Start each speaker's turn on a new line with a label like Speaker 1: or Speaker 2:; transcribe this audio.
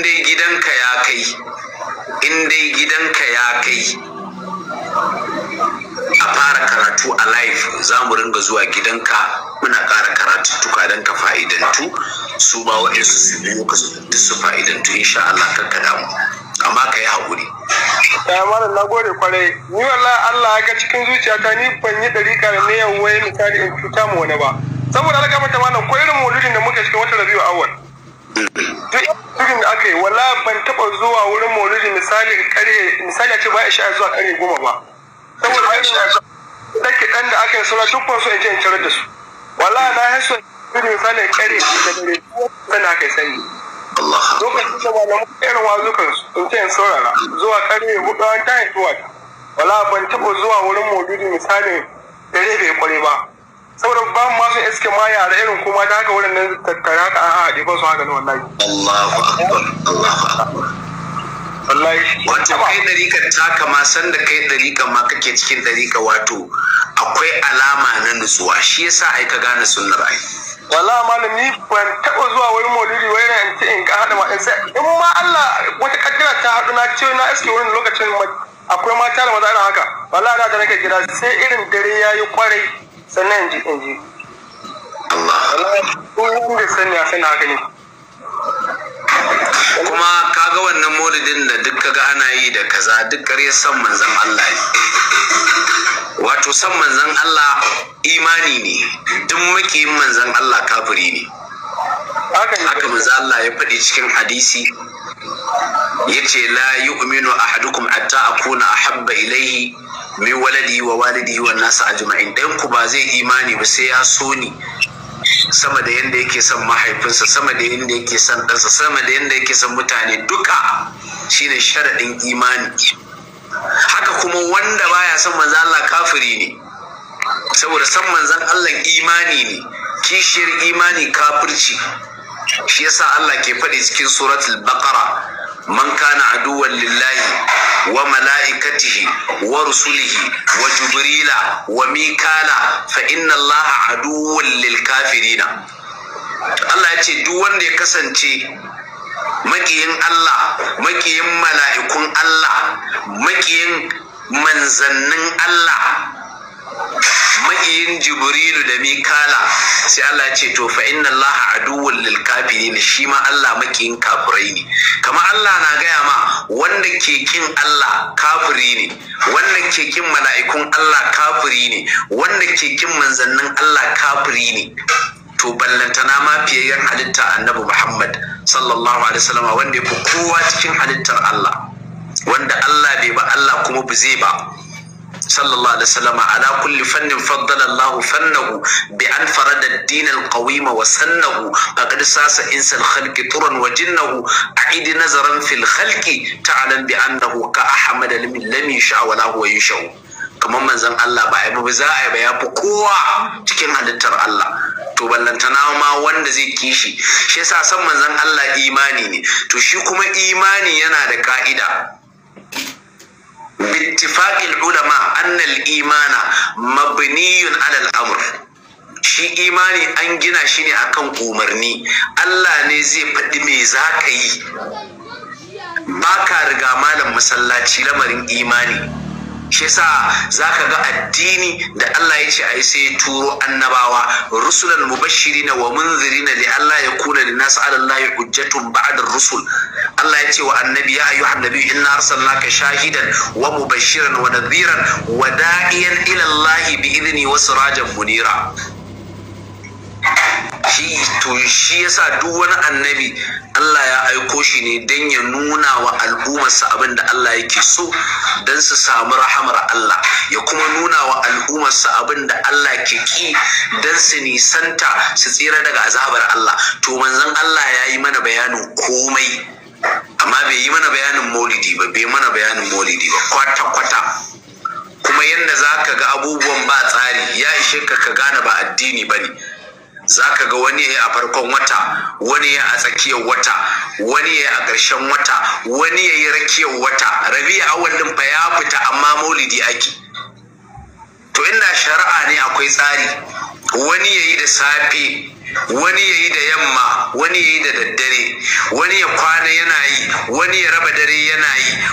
Speaker 1: in dai gidanka ya kai in dai gidanka ya kai a fara karatu a live za mu ringa zuwa gidanka muna ƙara tuka don ka fa'idantu su ba waɗansu su biyo ka duk su fa'idantu sha Allah ka damu amma ka yi haƙuri.
Speaker 2: Ya mara na gode kwarai ni wala Allah ya ga cikin zuciyata ni ban yi ɗarika da ne wani misali in cuta mu wani ba saboda alƙamata malam ko irin maulidin da muka cikin wata rabiu awal duk irin da aka yi wala ban taba zuwa wurin maulidi misali kare misali ce ba isha zuwa kare goma ba saboda ba isha da ke dan da aka yi sura duk su in je da su wala na haso irin misali kare da dare sai na kai sani lokacin da na mutu irin wazukan su in ce in saurara zuwa karye hudu an ta haifuwa wala ban taba zuwa wurin maulidi misali dare bai kware ba saboda ba mu masu iske ma yare irin kuma da haka wurin nan tattara ka a haɗe ba su haka ne wallahi Allahu akbar Allahu akbar wallahi wato kai ɗari ta kama ma sanda kai ka ma kake cikin ka wato akwai alama na nutsuwa shi yasa ai ka gane sunnar ai wala malam ni ban taɓa zuwa wani maulidi wai na yanci in ka haɗa ma in sai in ma Allah wata kaddara ta haɗu na ce na iske wani lokacin akwai mata da maza irin haka wala da nake gida sai irin dare yayi kwarai sannan ka ji in ji sani haka ne
Speaker 1: kuma kaga wannan maulidin da duk kaga ana yi da kaza duk ƙarya san manzan Allah ne wato san manzan Allah imani ne duk makiyin manzan Allah kafiri ne haka manzan Allah ya faɗi cikin hadisi yace la yu'minu ahadukum hatta akuna ahabba ilaihi min waladi wa walidi wa a ajma'in dan ku ba zai imani ba sai ya so ni sama da yanda yake son mahaifinsa sama da yanda yake son ɗansa sama da yanda yake son mutane duka shine sharaɗin imani haka kuma wanda baya son manzo Allah kafiri ne saboda san manzan Allah imani ne kishiyar imani kafirci shi yasa Allah ke faɗi cikin suratul baqara man kana aduwan lillahi wa mala'ikatihi wa rusulihi wa jibrila wa mikala fa inna allaha aduwan lil kafirina Allah ya ce duk wanda ya kasance makiyin Allah makiyin mala'ikun Allah makiyin manzannin Allah ma'iyin jibrilu da mikala sai Allah ya ce to fa inna Allah aduwwul lil kafirin shi ma Allah makiyin kafirai ne kamar Allah na gaya ma wanda ke kin Allah kafiri ne wanda ke kin mala'ikun Allah kafiri ne wanda ke kin manzannin Allah kafiri ne to ballantana ma fiyayyen halitta annabi Muhammad sallallahu alaihi wasallam wanda ya fi kowa cikin halittar Allah wanda Allah bai ba Allah kuma ba zai ba sallallahu alaihi wasallam ala kulli fannin faddala Allah fannahu bi an farada ad-din al-qawim wa sannahu faqad sasa insa al-khalq turan wa jinnahu a'id nazaran fil khalqi ta'lam bi annahu ka ahmad lam yasha wa la huwa kamar manzon Allah ba ai ba za a ba ya fi kowa cikin halittar Allah to ballantana ma wanda zai kishi shi yasa san manzon Allah imani ne to shi kuma imani yana da ka'ida Bittifa'il ulama annal imana مبني alal الأمر shi imani an gina shi ne akan umarni Allah ne zai faɗi me za ka yi ba ka riga malam masallaci lamarin imani shi sa za ka ga addini da Allah ya ce ai sai turo annabawa rusulan mubashirina wa munzirina li Allah ya kuna lin nas ala Allah hujjatun ba'da rusul Allah ya ce wa annabi ya ayyuhan nabi inna arsalnaka shahidan wa mubashiran wa nadhiran wa da'iyan ila Allah bi idni wa sirajan munira shi to shi yasa duk wani annabi Allah ya aiko shi ne dan ya nuna wa al'ummarsa abin da Allah yake so don su samu rahamar Allah ya kuma nuna wa al'ummarsa abin da Allah ke ki don su nisanta su tsira daga azabar Allah to manzon Allah ya yi mana bayanin komai amma bai yi mana bayanin maulidi ba bai mana bayanin maulidi ba kwata-kwata kuma yadda za ka ga abubuwan ba tsari ya ishe ka ka gane ba addini ba ne za ka ga wani ya a farkon wata wani ya a tsakiyar wata wani ya a ƙarshen wata wani ya yi rakiyar wata rabi a din fa ya fita amma maulidi ake to inda shari'a ne akwai tsari wani ya yi da safe wani ya yi da yamma wani ya yi da daddare wani ya kwana yana yi wani ya raba dare yana yi